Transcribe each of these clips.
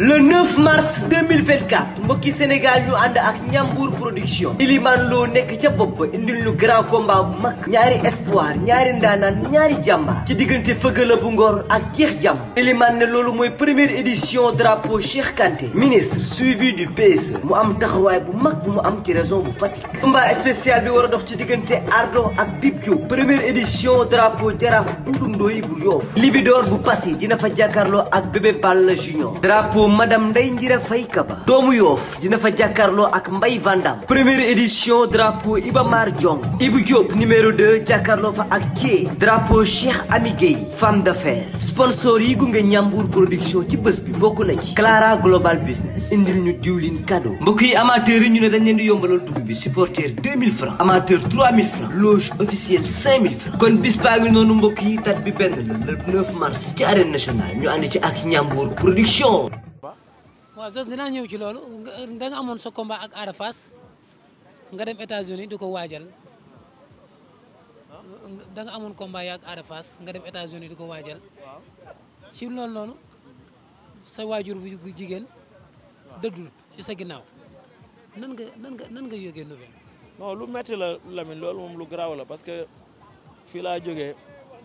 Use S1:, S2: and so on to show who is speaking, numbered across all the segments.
S1: le 9 mars 2024 mbokki Sénégal ñu ànd ak Ndiambour production Ilimane Lo nekk ca bopp ba indil ñu grand combat bu mag ñaari espoir ñaari ndaanaan ñaari jàmbaar ci diggante Feugeula bu Ngor ak jeex Jam Ilimane ne loolu mooy première édition drapeau Cheikh Kanté ministre suivi du PSE mu am taxawaay bu mag bu mu am ci région bu Fatick combat spécial bi war a dox ci diggante Ardo ak Bib Diop première édition drapeau Jaraaf Doudou Ndoye bu Yoff Libidor bu Passy dina fa jàkkaarloo ak Bébé Balla Junior drapeau moom madame Ndeye Ndira Faye ba doomu yoof dina fa jàkkaarloo ak mbay Vandam première édition drapeau Iba Mar jong Ibou Diop numéro 2 jàkkarloo fa ak ci drapeau Cheikh Ami Gueye femme d'affaires sponsor yi gunge Ñambour production ci bës bi bokk na ci Clara Global Business indil ñu diwlin cadeau mbokk yi amateurs yi ñu ne dañ leen di yombalal dugg bi supporter 2000 francs amateur 3000 francs loge officielle 5000 francs kon bis baa ngi noonu mbokk yi tat bi benn la le 9 mars ci ñu ànd ci ak Ñambour production
S2: waa Zoss dinaa ñëw ci loolu da amoon sa combat ak Ada Fass nga dem États-Unis di ko waajal da nga amoon combat ak Ada nga dem États-Unis di ko waajal ci loolu sa waajur bu jigéen dëddul ci sa ginnaaw nan nga nan nga nan nga yógee
S3: lu metti la Lamine loolu moom lu garaaw la parce que fii laa jógee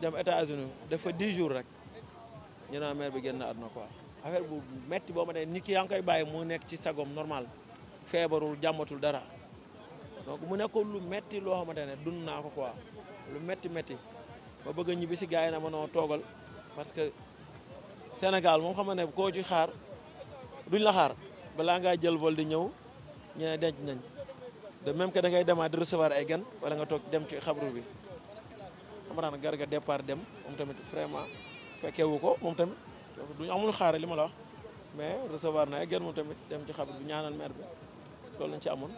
S3: dem États-Unis dafa 10 jours rek ñu naa mère bi génn àdduna quoi affaire bu metti boo ma ne nit ki yaa koy bàyyi mu nekk ci sagom normal feebarul jàmmatul dara donc mu nekkoon lu metti loo xamante ne dund naa ko quoi lu metti metti ba bëgg a ñibbi si gars yi na ma noo toogal parce que Sénégal moom xam ne koo ci xaar duñ la xaar balaa ngaa jël vol di ñëw ñene denc nañ de même que da ngay demaat di recevoir ay gan wala nga toog dem ci xabru bi xam naa ne garga départ dem moom tamit vraiment fekkewu ko moom tamit donc duñ amul xaare li ma la wax mais recevoir na ay gen moom tamit dem ci xabit bi ñaanal maire bi loolu lañ ci amoon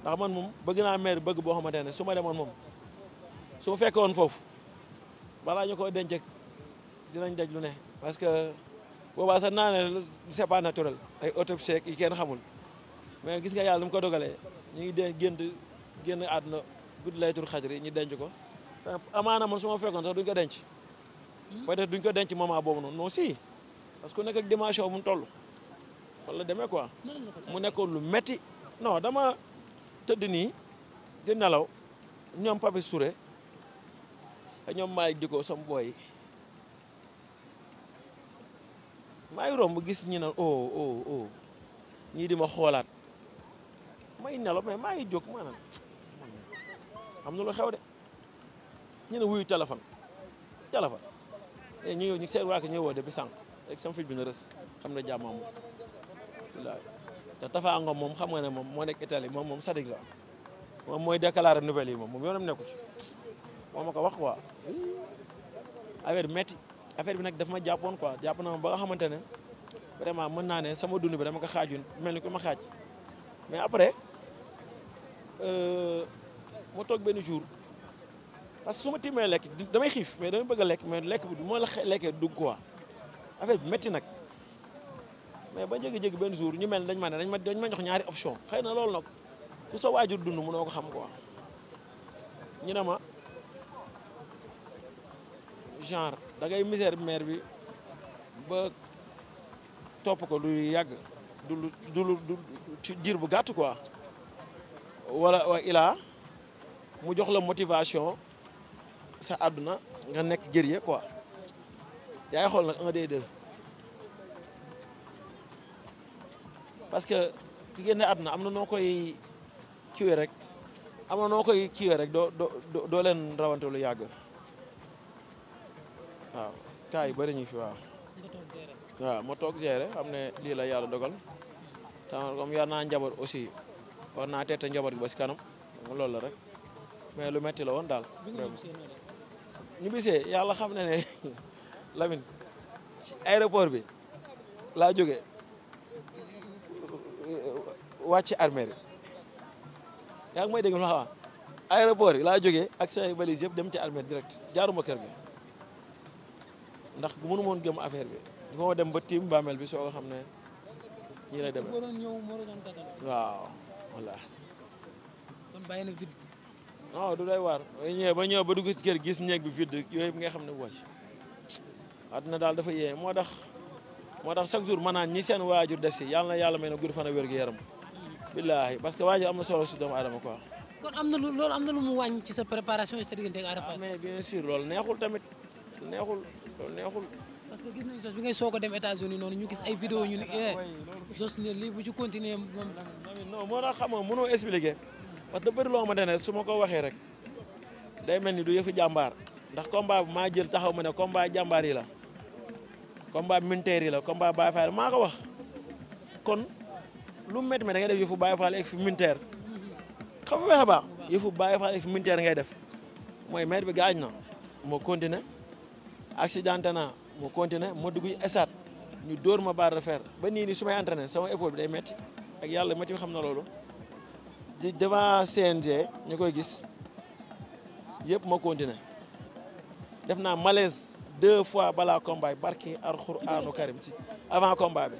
S3: ndax man moom bëgg naa maire bëgg boo xamante ne su ma demoon moom su ma fekke woon foofu balaa ñu ko dencee dinañ daj lu ne parce que boobaa sax naa ne c'est pas ay autopsie yi kenn xamul mais gis nga yàlla nu mu ko dogalee ñu ngi de génn génn àdduna gudd laytul xajri ñu denc ko amaana man su ma fekkoon sax duñ ko denc hmm? peut-être duñ ko denc moment boobu noonu non si parce que ku nekk ak dimension bu mu toll kon demee quoi mu nekkoon lu metti non dama tëdd nii di nelaw ñoom Papi Souré ak ñoom Malick Diko sama booy romb gis ñi naan oh, oh oh ñii di ma xoolaat may nelaw mais maa ngi jóg maanaam am na lu xew de ñu ne wuy téléphone téléphone eh, ñu ñu seen waa ko ñëw woo depuis sànq rek sama bi na rës xam ne jàmm amul wallaay te Tafa moom xam nga ne moom moo nekk Italie moom moom Sadik la moom mooy déclaré nouvelle yi moom moom yoonam nekku ci moo ma ko wax quoi affaire bi nag daf ma jàppoon quoi jàpp na ba xamante ne vraiment mën naa ne sama bi dama ko mel ni ku ma mais après euh, ma toog benn jour parce su ma timmee lekk damay xiif mais damay bëgg a lekk mais lekk bi du ma affaire bu métti nag mais ba jékki-jékki benn jour ñu mel dañ ma ne dañ ma dañ ma jox ñaari option xëy na loolu nag ku sa waajur dund mënoo ko xam ko ñu ne ma genre da ngay misère mère bi ba topp ko lu yàgg du lu du ci diir bu gàtt quoi walla waa ilaa mu jox la motivation sa àdduna nga nekk guerrier quoi yaay xool nag un des deux parce que ki génne àdduna am na noo koy kiwee rek am noo koy kiwee rek doo doo doo leen rawante lu yàgg waaw cas yi bëri ñu fi waaw. waaw ma toog gérer xam ne lii la yàlla dogal te comme yaa naa njaboot aussi war naa teete njaboot ba si kanam loolu la rek mais lu metti la woon daal. ñu bisee yàlla xam ne ne. lamin ci aéroport bi laa jóge wàcc ci yi yaa ngi may dégg lu xawa aéroport laa jóge ak say valise yëpp dem ci armée direct jaaruma kër gi ndax mënu moon gëm affaire bi dafa ma dem ba tiim bàmmeel bi soo ko xam ne ñii lay demee waaw voilà kon bàyyi na vide non du day waar ba ñëw ba dugg kër gis néeg bi vide yooyu bi nga xam ne wàcc àdduna daal dafa yee moo tax moo tax chaque jour maanaam ñi seen waajur des si yàlla na yàlla may na gudd fan ak wér gu yaram billaahi parce que waajur am na solo si doomu aadama quoi.
S2: am na lu loolu am na lu mu wàññi ci sa préparation sa diggante ak Ada Fass. Ah, mais bien loolu neexul tamit
S3: neexul loolu
S2: bi nga soog a dem États-Unis noonu ñu gis ay vidéo ñu ni eh Zoss ah, ne lii bu ci continuer moom.
S3: non moo tax xam nga mënoo expliquer parce que bëri loo xamante ne su ma ko waxee rek day mel ni du yëfu jàmbaar ndax combat bi maa jël taxaw ma ne combat jàmbaar yi la. combat militaire yi la combat Baye maa ko wax kon lu métti ma da ngay def yëfu Baye Fall ak fi militaire xam nga fexe baax yëfu Baye Fall ak fi militaire ngay def mooy maître bi gaañ na moo continué accidenté na moo continué ma dugg esat ñu dóor ma barre de ba nii nii su may entraîné sama épaule bi day métti ak yàlla métti xam na loolu di devant CNG ñu koy gis yëpp ma continué def naa malaise. deux fois balaa combat bi barke alxuraanu karim ci avant combat bi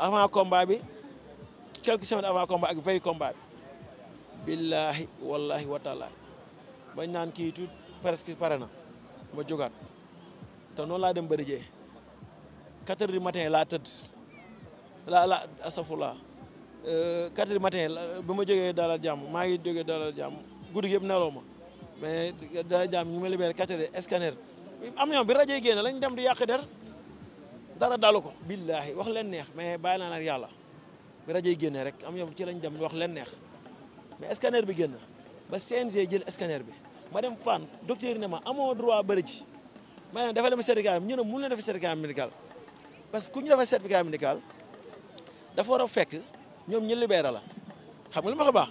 S3: avant combat bi quelques semaines avant combat ak veille combat billaahi wallaahi wataalaahi bañ naan kii tuut presque pare na ma jógaat te noonu laa dem bëri quatre heures matin laa tëdd laa la asafulaa euh, quatre heures matin bi ma jógee dalal jàmm maa ngi jógee dalal jàmm guddi gi yëpp neloo ma dalal jàmm ñu ma libéré quatre heures scanner am na bi rajo yi génne lañ dem di yàq der dara dalu ko. billaahi wax leen neex mais bàyyi naa nag yàlla bi rajo yi génne rek am na ci lañ dem wax leen neex mais scanner bi génn ba CNG jël scanner bi ma dem Fann docteur ne ma amoo droit bëri ji ma ne dafa dem certificat ñu ne mun leen def certificat médical parce que ku ñu defee certificat médical dafa war a fekk ñoom ñu libéré la xam nga li ma ko baax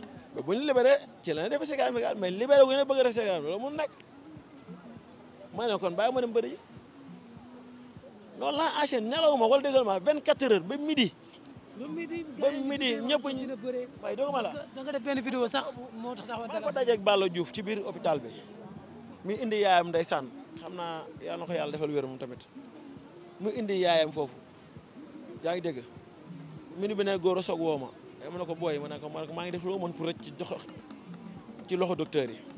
S3: ci la ñuy def certificat médical mais libéré wu ñu ne bëgg a def certificat maa ne kon bàyyi ma dem bëri loolu laa enchaîné nelaw ma wala dëggal ma 24 heures ba midi. ba midi ba midi ñëpp waaye dëgg ma la da nga def benn vidéo moo tax taxaw dara ma dajeeg Balla Diouf ci biir hôpital bi. mu indi yaayam ndeysaan xam naa yaa na ko defal wér moom tamit mu indi yaayam foofu yaa ngi dégg. minu bi ne góor a soog woo ma ma ne ko booy ma ne ko maa ngi def loo mën pour rëcc ci loxo docteur yi.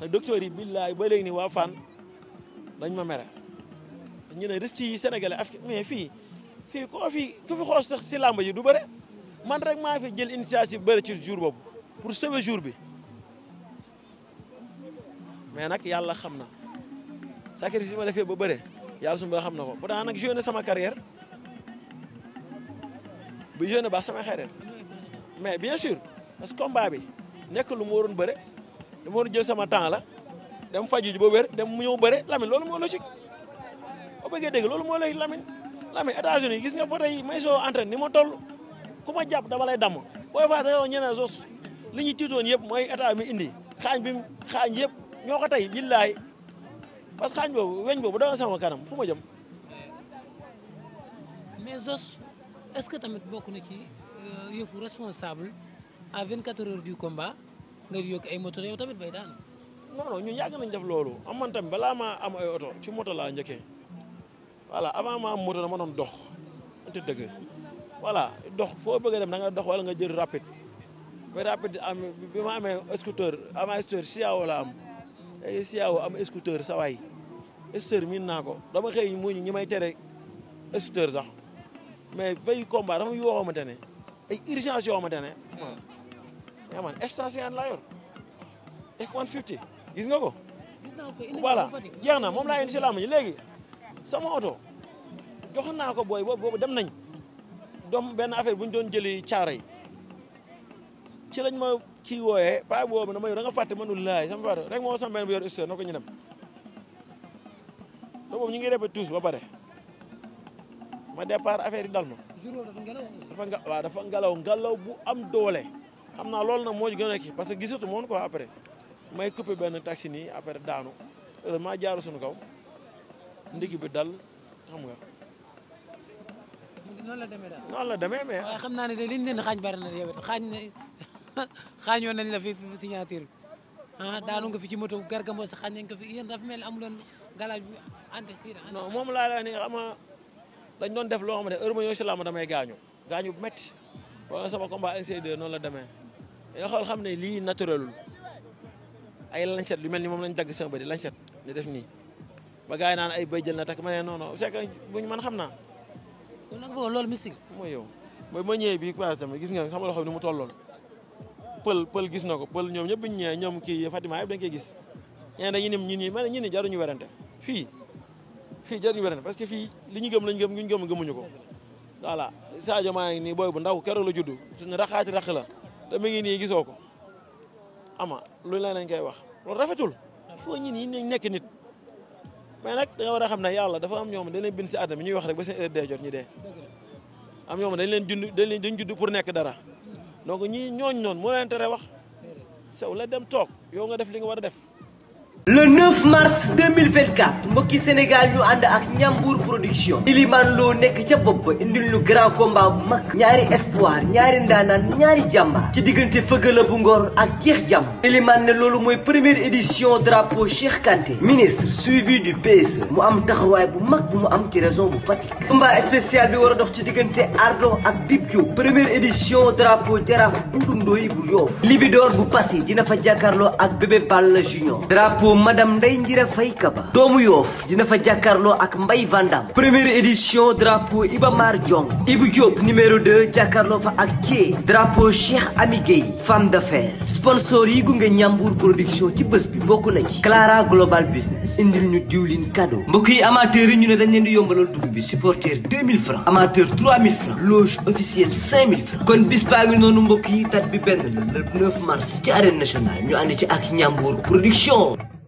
S3: te docteur yi billaay ba léegi nii waa Fann dañ ma mere ñu ne risques yi sénégalais af mais fii fii ko fi ku fi xoos sax si làmb ji du bëre man rek maa fi jël initiative bëri ci jour boobu pour sauver jour bi mais nag yàlla xam na sacrifice bi ma defee ba bëre yàlla suñu ba xam na ko pourtant nag joué na sama carrière bi joué ba baax sama xarit mais bien sûr parce que combat bi nekk lu mu waroon bëre dama war a jël sama temps la dem faju ji ba dem mu ñëw bëre Lamine loolu moo logique ba lolumoo dégg loolu moo lay Lamine Lamine États-Unis gis nga fa tey may soo ni ma toll ku ma jàpp dama lay damm booy faa sa yow ñeneen sos li ñu tiitoon yëpp mooy état mi indi xaañ bi xaañ yëpp ñoo ko tey billaay parce que xaañ boobu weñ boobu dana sama kanam fu ma jëm
S2: mais ce que tamit bokk na ci euh, yëfu responsable à 24 heures du nga yokk ay moto tamit bay daan
S3: non non ñun yàgg nañ def loolu am man tamit balaa maa am ci moto laa njëkkee voilà avant maa am moto dama doon dox ante dëgg voilà foo bëgg a dem da nga dox wala nga jël rapide ba rapide am bi ma amee scooter am ay siyaawo eh, am scooter sa waay scooter ko dama xëy mu ñi may tere scooter sax mais fay combat yoo xamante ne ay urgence yoo xamante mais man station laa yor gis nga ko.
S2: gis naa ko indi voilà moom laa indi si làmb ji léegi
S3: sama oto jox naa ko boy boobu dem nañ doom benn affaire bu ñu doon jëli caara yi ci lañ ma kii wooyee paa boobu dama yor da nga fàtte mënul laay sama fàtte rek moo sama benn bu yor histoire na ko ñu dem boobu ñu ngi répété tous ba pare ma départ affaire yi dal ma. dafa nga waaw bu am doole. xam naa loolu nag moo gën a kii parce que gisatu moon quoi après may coupé benn taxi nii après daanu heureusement jaaru suñu kaw ndig bi dal xam nga.
S2: noonu la demee daal la demee mais. xam naa ne de liñ leen xaañ bari na xaañ na xaañoon nañ la fi fi signature bi ah fi ci moto garga moo sa ko fi yéen dafa mel amuloon galaaj bi
S3: ante non moom laa la ni dañ doon def loo xam heure ma ñëw si làmb damay gaañu gaañu bu métti wala sama combat NCD noonu la demee. nga xool xam ne lii naturelul ay lancette lu mel ni moom lañ dagg sama bëri lancette di def nii ba gars yi naan ay bëy jël na takk ma ne non non c'est que buñ xam naa. kon nag boobu loolu mystique mooy yow mooy ma ñëwee bii passé tamit gis nga sama loxo bi ni mu tolloon pël gis na ko pël ñoom ñëpp bu ñu ñëwee ñoom kii Fatima yëpp dañ koy gis ñeneen dañu ne ñun ñi ma ne ñun ñi jaruñu werante fii fii jaruñu werante parce que fii li ñu gëm lañ gëm ñu gëm gëmuñu ko voilà Sadio Mané nii booy bu ndaw keroog la judd suñu raxaati la te mu ngi nii gisoo ko ama lu la lañ koy wax loolu rafetul foo ñi nii nekk nit mais nag da war a xam ne yàlla dafa am ñoom dañ leen bind si àdduna bi ñuy wax rek ba seen heure jot ñu dee am ñoom dañ leen jund dañ leen dañ judd pour nekk dara donc ñi ñooñ noonu moo leen tere
S1: wax sew la dem toog yow nga def li nga war a def le 9 mars 2024 mbokki Sénégal ñu ànd ak Ndiambour production Iliman loo nekk ca bopp indi indil lu grand combat bu mag ñaari espoir ñaari ndaanaan ñaari jàmbaar ci diggante Feugeula bu Ngor ak Jeex Jàmm Iliman ne loolu mooy première édition drapeau Cheikh Kanté ministre suivi du PSE mu am taxawaay bu mag bu mu am ci région bu Fatick combat spécial bi wara a dox ci diggante Ardo ak Bib Diop première édition drapeau Jaraaf Doudou Ndoye bu Yoof Libidor bu Passy dina fa jàkkaarloo ak Bébé Balla Junior drapeau madame Ndeye Ndira Faye Kaba doomu yoof dina fa jàkkaarloo ak Mbaye Vandam première édition drapeau Iba Mar Diong Ibou Diop numéro 2 jàkkaarloo fa ak Ké drapeau Cheikh Ami Gueye femme d'affaires sponsor yi gunge Ñambour production ci bës bi bokk na ci Clara Global Business indil ñu diwlin cadeau mbokk yi amateurs yi ñu ne dañ leen di yombalal dugg bi supporter 2000 francs amateur 3000 francs loge officielle 5000 francs kon bis baa ngi noonu mbokk yi tat bi benn la le mars ci arène nationale ñu ci ak Ñambour production